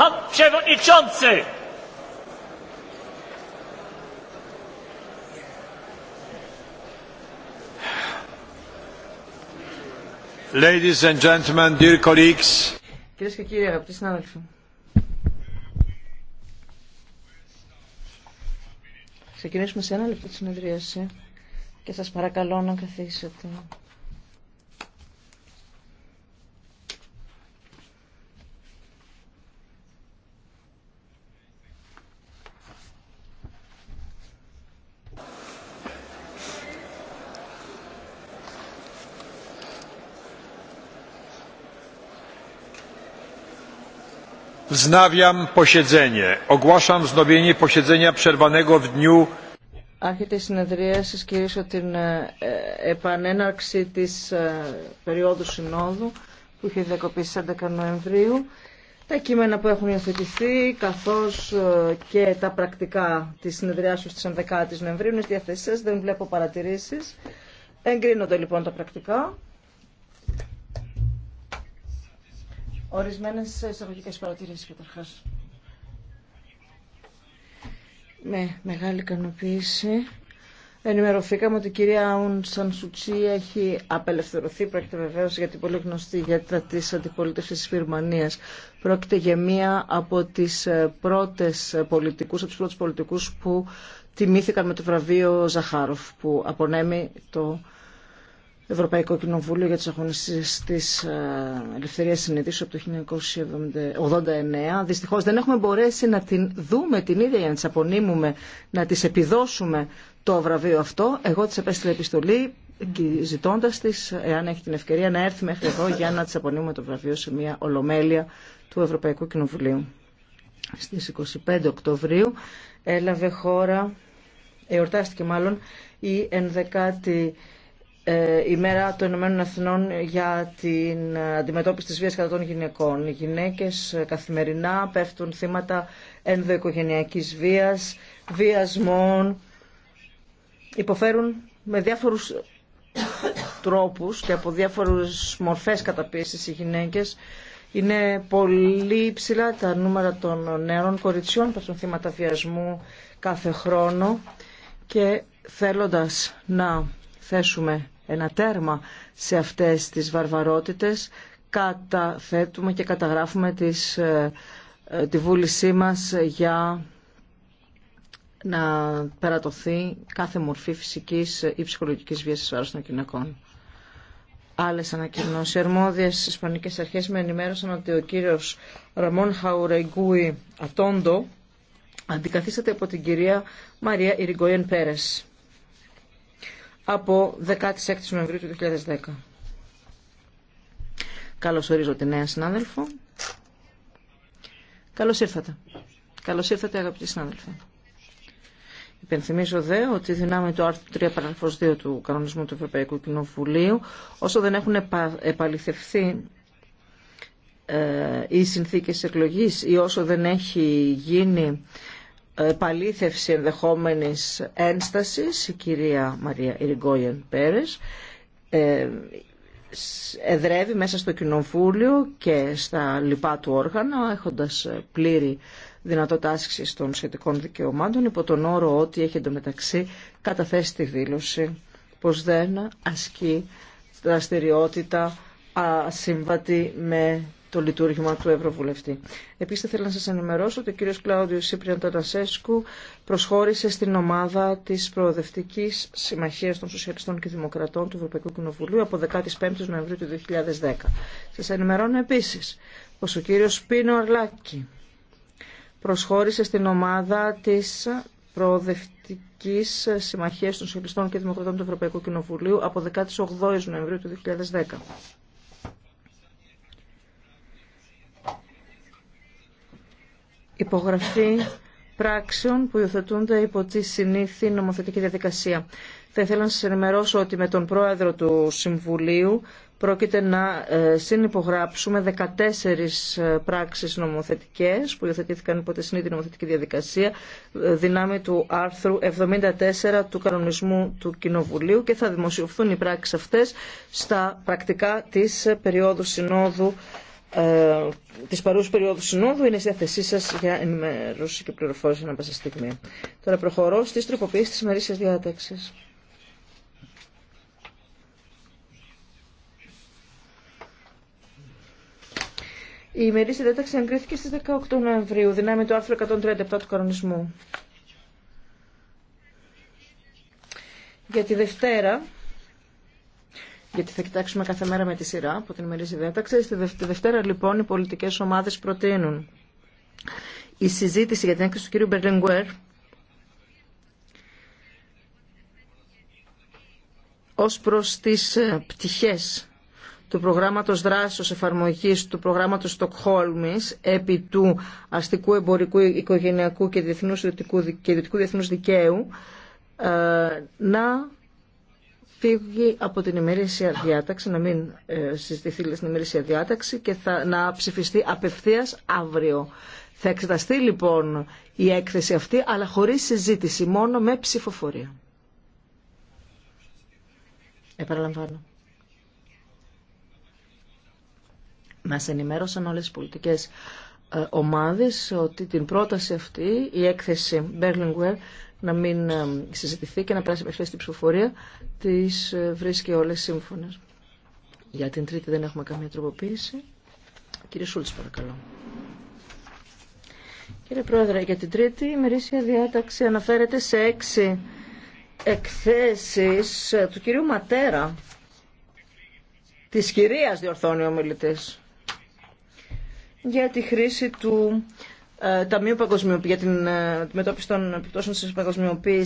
Pan Przewodniczący! Ladies and gentlemen, dear colleagues. Κυρίες και κύριοι, αγαπητοί συνάδελφοι. Ξεκινήσουμε σε ένα λεπτό τη συνεδρίαση και σας παρακαλώ να καθίσετε. Wznawiam posiedzenie. Ogłaszam wznowienie posiedzenia przerwanego w dniu. Άρχεται η συνεδρία σας κυρίσω την ε, επανέναρξη της ε, περίοδου συνόδου που είχε διακοπεί 11 Νοεμβρίου. Τα κείμενα που έχουν υιοθετηθεί καθώς ε, και τα πρακτικά της συνεδριάσεως της 11 Νοεμβρίου είναι στη σας. Δεν βλέπω παρατηρήσεις. Εγκρίνονται λοιπόν τα πρακτικά. Ορισμένες εισαγωγικές παρατηρήσεις καταρχά. Με μεγάλη ικανοποίηση ενημερωθήκαμε ότι η κυρία Αουν Σανσουτσί έχει απελευθερωθεί. Πρόκειται βεβαίω για την πολύ γνωστή γιατρά τη αντιπολίτευση τη Βυρμανία. Πρόκειται για μία από τι πρώτε πολιτικού, από του πρώτου πολιτικού που τιμήθηκαν με το βραβείο Ζαχάροφ, που απονέμει το Ευρωπαϊκό Κοινοβούλιο για τις αγωνιστές της ε, ελευθερίας συνειδήσεως από το 1989. Δυστυχώς δεν έχουμε μπορέσει να την δούμε την ίδια για να τις απονείμουμε, να τις επιδώσουμε το βραβείο αυτό. Εγώ της επέστειλε επιστολή ζητώντας της, εάν έχει την ευκαιρία, να έρθει μέχρι εδώ για να της απονείμουμε το βραβείο σε μια ολομέλεια του Ευρωπαϊκού Κοινοβουλίου. Στις 25 Οκτωβρίου έλαβε χώρα, εορτάστηκε μάλλον, η 11η ε, ημέρα των Ηνωμένων Εθνών για την αντιμετώπιση της βίας κατά των γυναικών. Οι γυναίκες καθημερινά πέφτουν θύματα ενδοοικογενειακής βίας, βιασμών, υποφέρουν με διάφορους τρόπους και από διάφορες μορφές καταπίεσης οι γυναίκες. Είναι πολύ υψηλά τα νούμερα των νέων κοριτσιών που θύματα βιασμού κάθε χρόνο και θέλοντας να θέσουμε ένα τέρμα σε αυτές τις βαρβαρότητες, καταθέτουμε και καταγράφουμε τις, ε, ε, τη βούλησή μας για να περατωθεί κάθε μορφή φυσικής ή ψυχολογικής βίας της βάρος των γυναικών. Άλλε ανακοινώσει. Οι αρμόδιες ισπανικέ αρχές με ενημέρωσαν ότι ο κύριος Ραμόν Χαουρεγκούι Ατόντο αντικαθίσταται από την κυρία Μαρία Ιριγκόιεν Πέρε από 16 Νοεμβρίου του 2010. Καλώς ορίζω τη νέα συνάδελφο. Καλώς ήρθατε. Καλώς ήρθατε αγαπητοί συνάδελφοι. Υπενθυμίζω δε ότι δυνάμει το άρθρο 3 παραγραφός 2 του κανονισμού του Ευρωπαϊκού Κοινοβουλίου όσο δεν έχουν επαληθευθεί ε, οι συνθήκες εκλογής ή όσο δεν έχει γίνει επαλήθευση ενδεχόμενης ένστασης, η κυρία Μαρία Ιριγκόιεν Πέρες, ε, εδρεύει μέσα στο κοινοβούλιο και στα λοιπά του όργανα, έχοντας πλήρη δυνατότητα άσκηση των σχετικών δικαιωμάτων, υπό τον όρο ότι έχει εντωμεταξύ καταθέσει τη δήλωση πως δεν ασκεί δραστηριότητα ασύμβατη με το λειτουργήμα του Ευρωβουλευτή. Επίση, θέλω να σα ενημερώσω ότι ο κύριος Κλάουδιο Σύπριαν προσχώρησε στην ομάδα τη προοδευτική συμμαχία των Σοσιαλιστών και Δημοκρατών του Ευρωπαϊκού Κοινοβουλίου από 15 Νοεμβρίου του 2010. Σα ενημερώνω επίση πω ο κύριος Σπίνο Αρλάκη προσχώρησε στην ομάδα τη προοδευτική συμμαχία των Σοσιαλιστών και Δημοκρατών του Ευρωπαϊκού Κοινοβουλίου από 18 Νοεμβρίου του 2010. υπογραφή πράξεων που υιοθετούνται υπό τη συνήθι νομοθετική διαδικασία. Θα ήθελα να σας ενημερώσω ότι με τον πρόεδρο του Συμβουλίου πρόκειται να ε, συνυπογράψουμε 14 ε, πράξεις νομοθετικές που υιοθετήθηκαν υπό τη συνήθι νομοθετική διαδικασία ε, δυνάμει του άρθρου 74 του κανονισμού του Κοινοβουλίου και θα δημοσιευθούν οι πράξεις αυτές στα πρακτικά της περίοδου συνόδου ε, τη παρούσα περίοδου συνόδου είναι στη διάθεσή σα για ενημέρωση και πληροφόρηση ανά πάσα στιγμή. Τώρα προχωρώ στι τροποποιήσει τη ημερήσια διάταξη. Η ημερήσια διάταξη εγκρίθηκε στις 18 Νοεμβρίου, δυνάμει του άρθρο 137 του κανονισμού. Για τη Δευτέρα, γιατί θα κοιτάξουμε κάθε μέρα με τη σειρά από την η διάταξη. Στη Δευτέρα λοιπόν οι πολιτικές ομάδες προτείνουν η συζήτηση για την έκθεση του κύριου Μπερλενγκουέρ ως προς τις ε, πτυχές του προγράμματος δράσεως εφαρμογή του προγράμματος Στοκχόλμη επί του αστικού εμπορικού οικογενειακού και ιδιωτικού, και δικαίου ε, να φύγει από την ημερήσια διάταξη, να μην ε, συζητηθεί στην ημερήσια διάταξη και θα, να ψηφιστεί απευθείας αύριο. Θα εξεταστεί λοιπόν η έκθεση αυτή, αλλά χωρίς συζήτηση, μόνο με ψηφοφορία. Επαναλαμβάνω. Μας ενημέρωσαν όλες οι πολιτικές ε, ομάδες ότι την πρόταση αυτή, η έκθεση Berlinguer, να μην ε, συζητηθεί και να περάσει τη στην ψηφοφορία, τις ε, βρίσκει όλες σύμφωνες. Για την τρίτη δεν έχουμε καμία τροποποίηση. Κύριε Σούλτς, παρακαλώ. Κύριε Πρόεδρε, για την τρίτη η μερίσια διάταξη αναφέρεται σε έξι εκθέσεις του κυρίου Ματέρα, της κυρίας διορθώνει ο μιλητής, για τη χρήση του ε, Ταμείο Παγκοσμιοποίησης για την ε, αντιμετώπιση των επιπτώσεων της παγκοσμιοποίησης